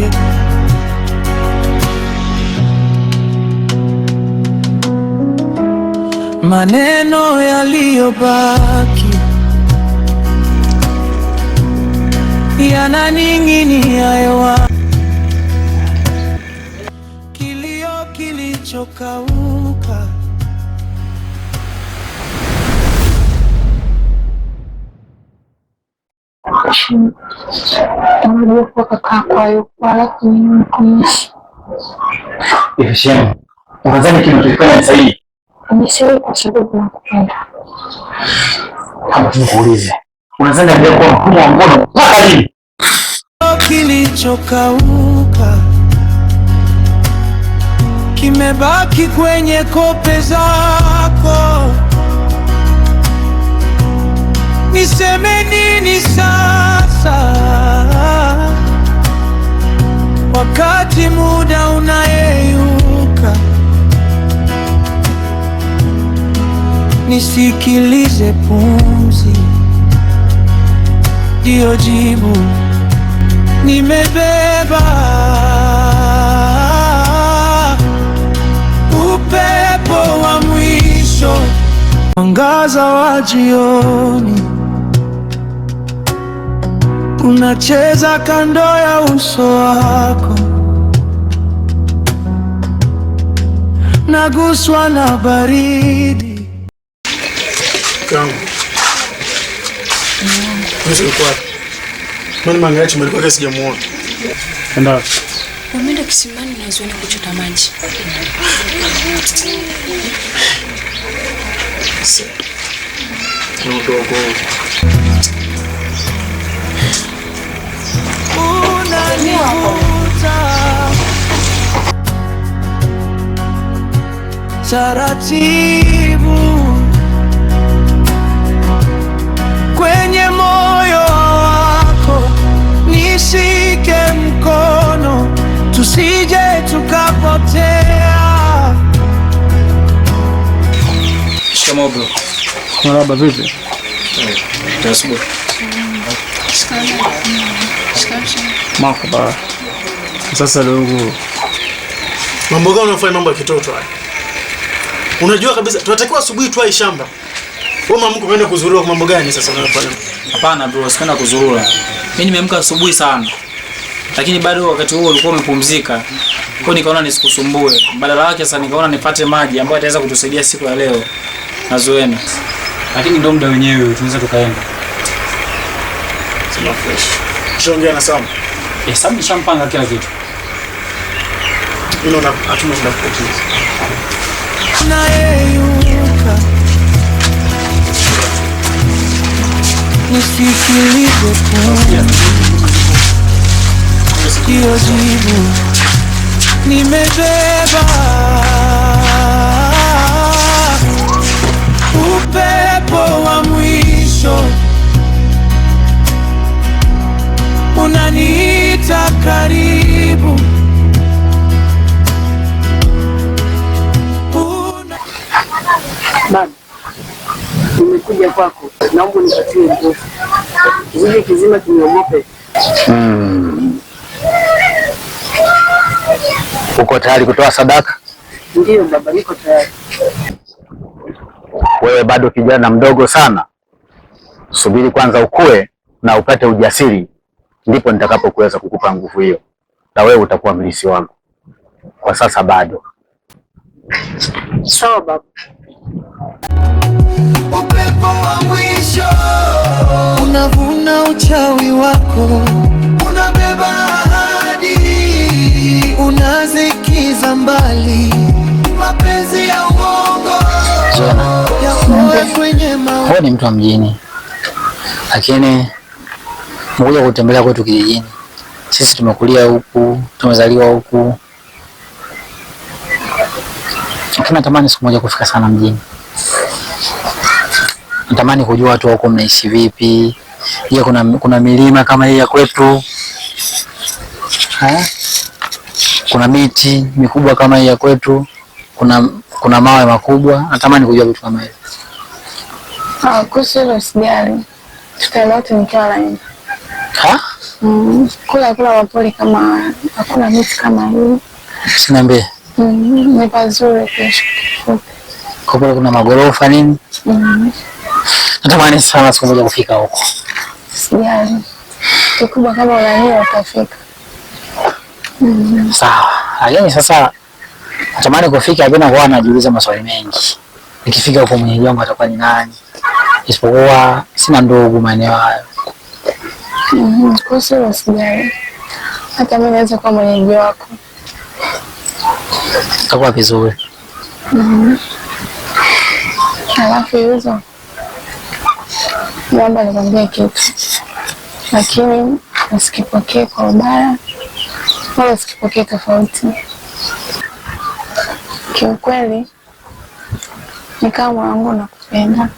yake. Maneno yaliyobaki yananing'inia hewa, kilio kilichokauka tangu kuweka kwayo mtumishi. unadhani sahihi? kwa sababu nakupenda. tunakuuliza, unadhani mkubwa wa ngono mpaka lini? Kilichokauka kimebaki kwenye kope zako, niseme nini sasa? wakati muda unayeyuka, nisikilize. Pumzi ndiyo jibu nimebeba, upepo wa mwisho, mwangaza wa jioni unacheza kando ya uso wako, naguswa na baridi. Wameenda kisimani na ziwani kuchota maji. taratibu kwenye moyo wako, nishike mkono tusije tukapotea. Shikamoo bro. Marhaba, vipi? Hey, eh, Makubwa. Sasa dogo. Mambo gani unafanya mambo ya kitoto haya? Unajua kabisa tunatakiwa asubuhi tuwahi shamba. Wewe mama mko kwenda kuzurura kwa mambo gani sasa unafanya? Hapana bro, sikwenda kuzurura. Mimi nimeamka asubuhi sana. Lakini bado wakati huo ulikuwa umepumzika. Kwa hiyo nikaona nisikusumbue. Badala yake sasa nikaona nipate maji ambayo itaweza kutusaidia siku ya leo. Nazoena. Lakini ndio muda wenyewe tunaweza tukaenda fresh. Eh, Shaongea na Sam. Eh, Sam nishampanga kila kitu. Unaona hatuna muda kupoteza. Nayeyuka. Nisikilize kwa. Sikio jibu. Nimebeba unaniita karibu. Baba, nimekuja kwako, naomba unipatie nguvu. Kijiji kizima kiniogope. Mm. Uko tayari kutoa sadaka? Ndiyo baba, niko tayari. Wewe bado kijana mdogo sana, subiri kwanza ukue na upate ujasiri ndipo nitakapokuweza kukupa nguvu hiyo, na wewe utakuwa mlisi wangu. Kwa sasa bado sawa baba. Upepo wa mwisho unavuna uchawi wako, unabeba ahadi, unazikiza mbali mapenzi ya uongo ya kwenye mao. Ni mtu wa mjini lakini mkuja kutembelea kwetu kijijini. Sisi tumekulia huku, tumezaliwa huku, lakini natamani siku moja kufika sana mjini. Natamani kujua watu wako mnaishi vipi. Je, kuna, kuna milima kama hii ya kwetu ha? Eh? Kuna miti mikubwa kama hii ya kwetu? Kuna, kuna mawe makubwa? Natamani kujua vitu kama hivi. Ah, kuhusu hilo usijali, tutaelewa nikiwa laini. Mm, kula kula wapole kama hakuna miti kama hii. Sinaambia. Mm, ni pazuri kesho. kuna magorofa nini? Mm. Natamani sana siku moja kufika huko. Sijali. Kikubwa kama unaniwa utafika. Mm. Sawa. Lakini sasa natamani kufika lakini huwa najiuliza maswali mengi. Nikifika huko mwenyeji wangu atakuwa ni nani? Isipokuwa sina ndugu maeneo hayo kuhusu sijali, hata mimi naweza kuwa mwenyeji wako, itakuwa vizuri. Mm-hmm. Alafu hizo namba nikwambie kitu, lakini usikipokee kwa ubaya wala usikipokee tofauti. Kiukweli ni kama mwanangu, nakupenda,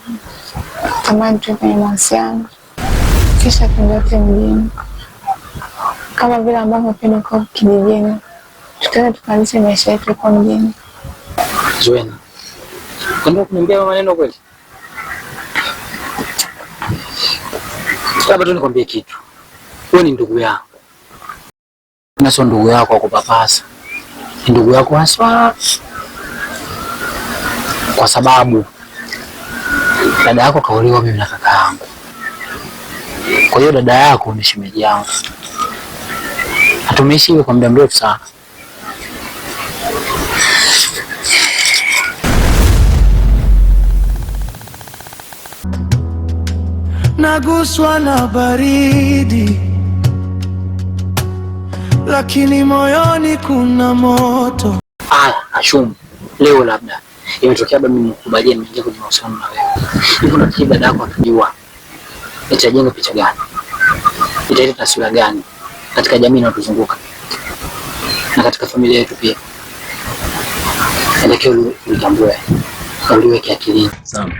tamani tuwe kwenye mahusiano kisha kunilete mjini, kama vile ambavyo penda kwa kijijini, tutaenda tukaanzisha maisha yetu kwa mjini. Zuena, kwenda kuniambia maneno kweli? Labda tu nikwambie kitu, wewe ni ndugu yangu na sio ndugu yako wa kupapasa, ni ndugu yako haswa, kwa sababu dada yako kaolewa mimi na kaka yangu kwa hiyo dada yako ni shemeji yangu, hatumeishi hivyo kwa muda mrefu sana. Naguswa na baridi, lakini moyoni kuna moto. Ah, Ashumu, leo labda imetokea, bado nimekubalia, nimeingia kwenye mahusiano na wewe. Hivi nafikiri dada yako atajua itajenga picha gani, italeta taswira gani katika jamii inayotuzunguka na katika familia yetu pia. Inatakiwa ulitambue na uliweke akilini. Sawa,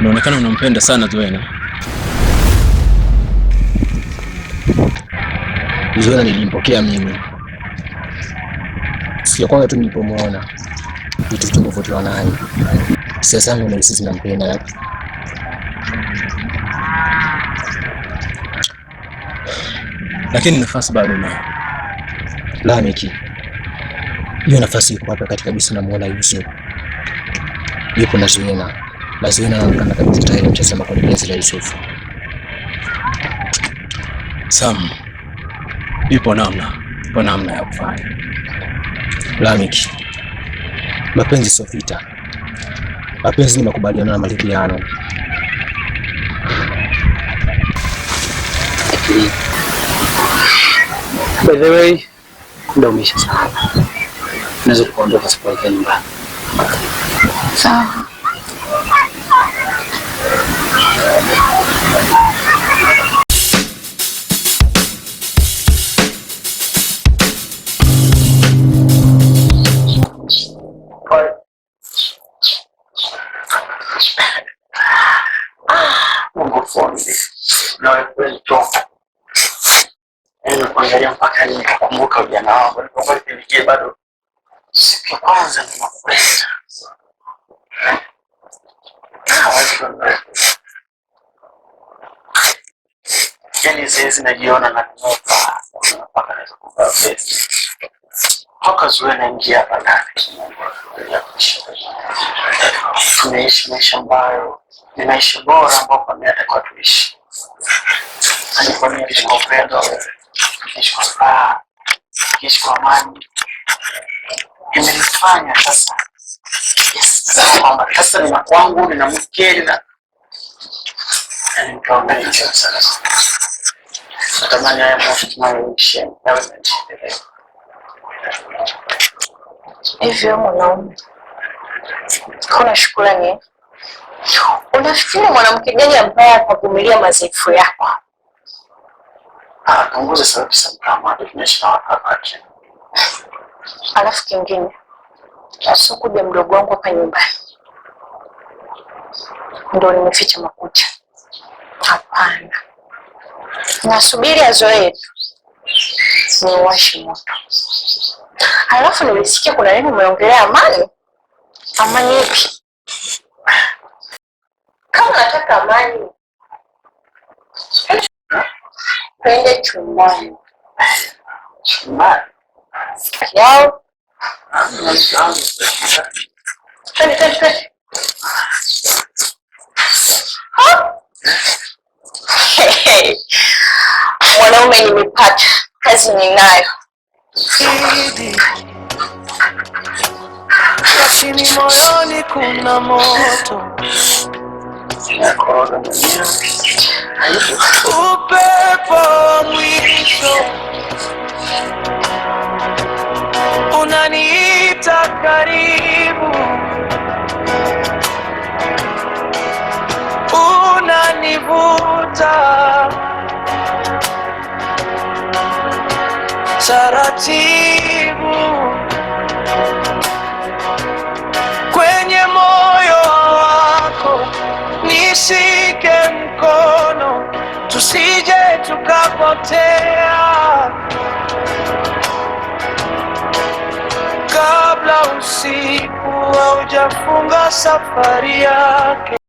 unaonekana unampenda sana Zuena. Zuena nilimpokea mimi, sio kwanza tu nilipomwona vitu vitu tofauti wanayo sasa zangu na sisi nampenda lakini nafasi bado nayo. Lameki, hiyo nafasi iko hapa kati kabisa, namuona Yuzu yupo na Zuina na Zuina anaonekana kabisa tayari mtazama kwa gezi la Yusufu. Sam, ipo namna, ipo namna ya kufanya. Lameki, mapenzi sio vita, mapenzi ni makubaliano na maridhiano. By the way, muda umeisha sana. Naweza kuondoka sasa nyumbani. Sawa. Nikaangalia mpaka lini nikakumbuka ujana wangu nilipokuwa kipindi kile bado siku ya kwanza nina pesa. Yaani saizi najiona nanunuka mpaka naweza kuvaa pesa. Toka zuo naingia hapa ndani. Tunaishi maisha ambayo ni maisha bora ambao kwa miaka hata kwa tuishi. Yaani kwa nini kwa upendo kiishi kwa furaha, kwa amani. Imenifanya sasa kwamba yes, sasa nina kwangu, nina mke, nina natamani haya hivyo. Mwanaume kuna shukrani, unafikiri mwanamke gani ambaye atavumilia mazaifu yako? Punguza sauti Samrama, tunaishi na watu wake. Alafu kingine sio kuja mdogo wangu hapa nyumbani ndo nimeficha makucha. Hapana, nasubiri azoee tu niwashe moto. Alafu nilisikia kuna neno umeongelea amani. Amani ipi? Kama nataka amani twende chumbani. Chumbani yao mwanaume nimepata, kazi ninayo. Lakini moyoni kuna moto taratibu kwenye moyo wako, nishike mkono, tusije tukapotea kabla usiku haujafunga safari yake.